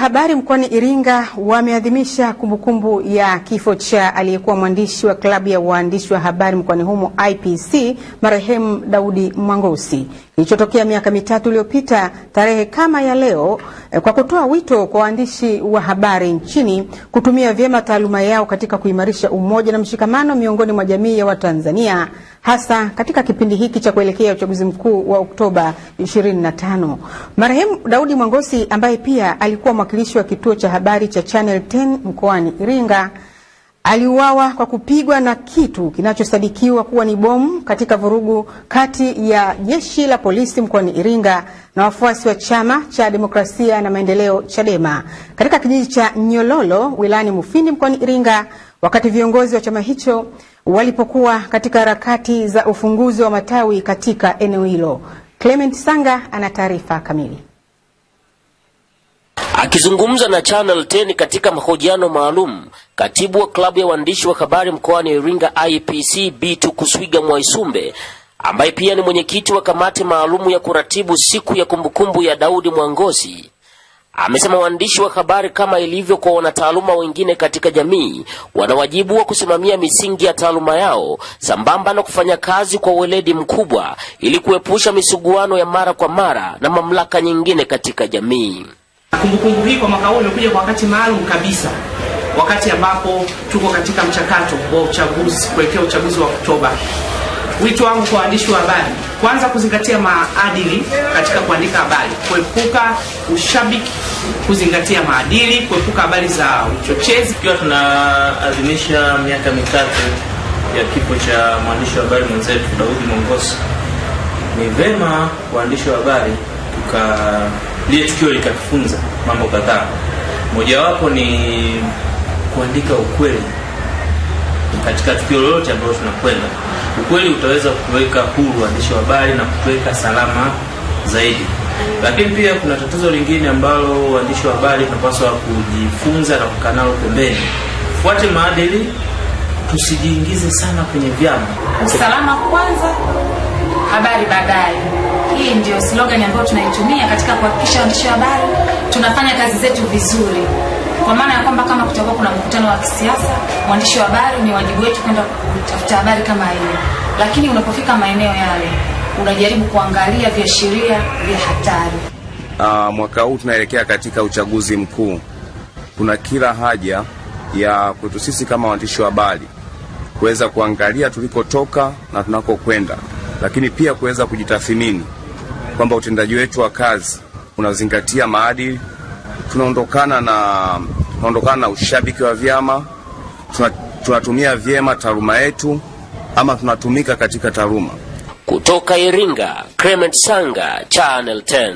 habari mkoani Iringa wameadhimisha kumbukumbu ya kifo cha aliyekuwa mwandishi wa klabu ya waandishi wa habari mkoani humo IPC marehemu Daudi Mwangosi kilichotokea miaka mitatu iliyopita tarehe kama ya leo, eh, kwa kutoa wito kwa waandishi wa habari nchini kutumia vyema taaluma yao katika kuimarisha umoja na mshikamano miongoni mwa jamii ya Watanzania hasa katika kipindi hiki cha kuelekea uchaguzi mkuu wa Oktoba 25. Marehemu Daudi Mwangosi ambaye pia alikuwa mwakilishi wa kituo cha habari cha Channel 10 mkoani Iringa aliuawa kwa kupigwa na kitu kinachosadikiwa kuwa ni bomu katika vurugu kati ya jeshi la polisi mkoani Iringa na wafuasi wa chama cha demokrasia na maendeleo Chadema katika kijiji cha Nyololo wilayani Mufindi mkoani Iringa, wakati viongozi wa chama hicho walipokuwa katika harakati za ufunguzi wa matawi katika eneo hilo. Clement Sanga ana taarifa kamili. Akizungumza na Channel 10 katika mahojiano maalum, katibu wa klabu ya waandishi wa habari mkoani Iringa IPC b Kuswiga Mwaisumbe ambaye pia ni mwenyekiti wa kamati maalumu ya kuratibu siku ya kumbukumbu ya Daudi Mwangosi Amesema waandishi wa habari kama ilivyo kwa wanataaluma wengine katika jamii, wana wajibu wa kusimamia misingi ya taaluma yao sambamba na kufanya kazi kwa weledi mkubwa ili kuepusha misuguano ya mara kwa mara na mamlaka nyingine katika jamii. Kumbukumbu hii kwa mwaka huu imekuja kwa wakati maalum kabisa, wakati ambapo tuko katika mchakato wa uchaguzi kuelekea uchaguzi wa Oktoba. Wito wangu kwa waandishi wa habari kwanza, kuzingatia maadili katika kuandika habari, kuepuka ushabiki, kuzingatia maadili, kuepuka habari za uchochezi. Ikiwa tunaadhimisha miaka mitatu ya kifo cha mwandishi wa habari mwenzetu Daudi Mongosi, ni vema waandishi wa habari tuka lile tukio likatufunza mambo kadhaa. Mojawapo ni kuandika ukweli katika tukio lolote ambalo tunakwenda ukweli utaweza kutuweka huru waandishi wa habari na kutuweka salama zaidi. Lakini pia kuna tatizo lingine ambalo waandishi wa habari tunapaswa kujifunza na kukanalo pembeni. Fuate maadili, tusijiingize sana kwenye vyama. Usalama kwanza, habari baadaye. Hii ndio slogan ambayo tunaitumia katika kuhakikisha waandishi wa habari tunafanya kazi zetu vizuri, kwa maana ya kwamba kama kutakuwa kuna mkutano wa kisiasa Mwandishi wa habari ni wajibu wetu kwenda kutafuta habari kama hiyo, lakini unapofika maeneo yale unajaribu kuangalia viashiria vya hatari. Uh, mwaka huu tunaelekea katika uchaguzi mkuu. Kuna kila haja ya kwetu sisi kama waandishi wa habari kuweza kuangalia tulikotoka na tunakokwenda, lakini pia kuweza kujitathimini kwamba utendaji wetu wa kazi unazingatia maadili, tunaondokana na tunaondokana na ushabiki wa vyama tunatumia vyema taaluma yetu ama tunatumika katika taaluma. Kutoka Iringa, Clement Sanga, Channel 10.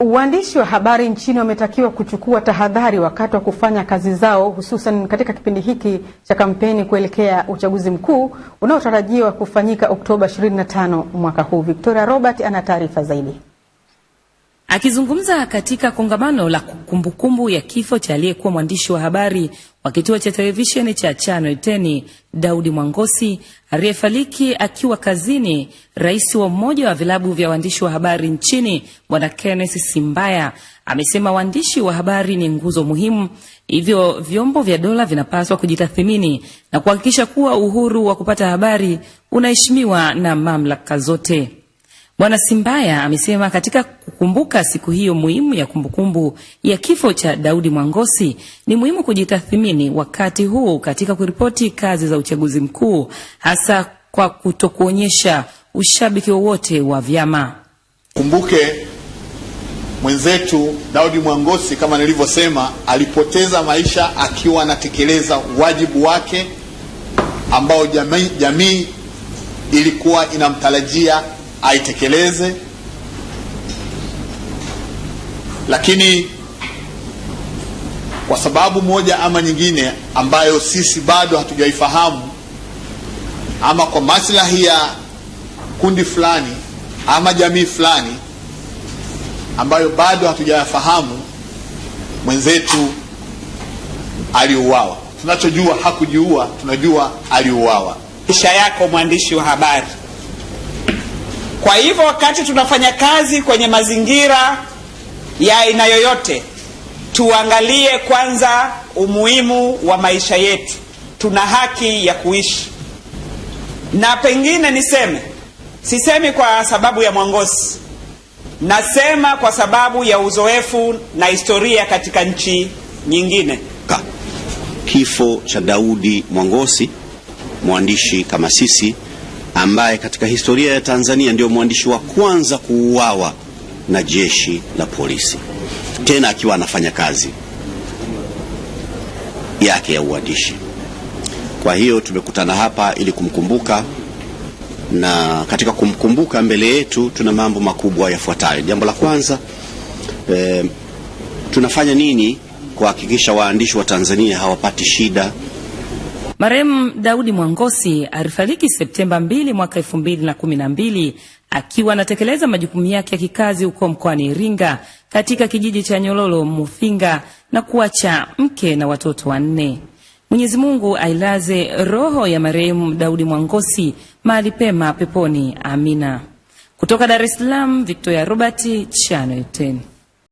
Waandishi wa habari nchini wametakiwa kuchukua tahadhari wakati wa kufanya kazi zao, hususan katika kipindi hiki cha kampeni kuelekea uchaguzi mkuu unaotarajiwa kufanyika Oktoba 25 mwaka huu. Victoria Robert ana taarifa zaidi. Akizungumza katika kongamano la kumbukumbu kumbu ya kifo cha aliyekuwa mwandishi wa habari wa kituo cha televisheni cha Channel 10 Daudi Mwangosi aliyefariki akiwa kazini, rais wa mmoja wa vilabu vya waandishi wa habari nchini Bwana Kenneth Simbaya amesema waandishi wa habari ni nguzo muhimu, hivyo vyombo vya dola vinapaswa kujitathmini na kuhakikisha kuwa uhuru wa kupata habari unaheshimiwa na mamlaka zote. Bwana Simbaya amesema katika kukumbuka siku hiyo muhimu ya kumbukumbu ya kifo cha Daudi Mwangosi ni muhimu kujitathmini wakati huu katika kuripoti kazi za uchaguzi mkuu hasa kwa kutokuonyesha ushabiki wowote wa vyama. Kumbuke mwenzetu Daudi Mwangosi, kama nilivyosema, alipoteza maisha akiwa anatekeleza wajibu wake ambao jamii, jamii ilikuwa inamtarajia aitekeleze, lakini kwa sababu moja ama nyingine ambayo sisi bado hatujaifahamu ama kwa maslahi ya kundi fulani ama jamii fulani ambayo bado hatujayafahamu, mwenzetu aliuawa. Tunachojua hakujiua, tunajua aliuawa. Maisha yako mwandishi wa habari kwa hivyo wakati tunafanya kazi kwenye mazingira ya aina yoyote, tuangalie kwanza umuhimu wa maisha yetu. Tuna haki ya kuishi, na pengine niseme, sisemi kwa sababu ya Mwangosi, nasema kwa sababu ya uzoefu na historia katika nchi nyingine. Kifo cha Daudi Mwangosi, mwandishi kama sisi ambaye katika historia ya Tanzania ndio mwandishi wa kwanza kuuawa na jeshi la polisi, tena akiwa anafanya kazi yake ya uandishi. Kwa hiyo tumekutana hapa ili kumkumbuka, na katika kumkumbuka, mbele yetu tuna mambo makubwa yafuatayo. Jambo la kwanza eh, tunafanya nini kuhakikisha waandishi wa Tanzania hawapati shida Marehemu Daudi Mwangosi alifariki Septemba 2 mwaka 2012 akiwa anatekeleza majukumu yake ya kikazi huko mkoani Iringa katika kijiji cha Nyololo Mufinga na kuacha mke na watoto wanne. Mwenyezi Mungu ailaze roho ya marehemu Daudi Mwangosi mahali pema peponi. Amina. Kutoka Dar es Salaam, Victoria Robert, Channel 10.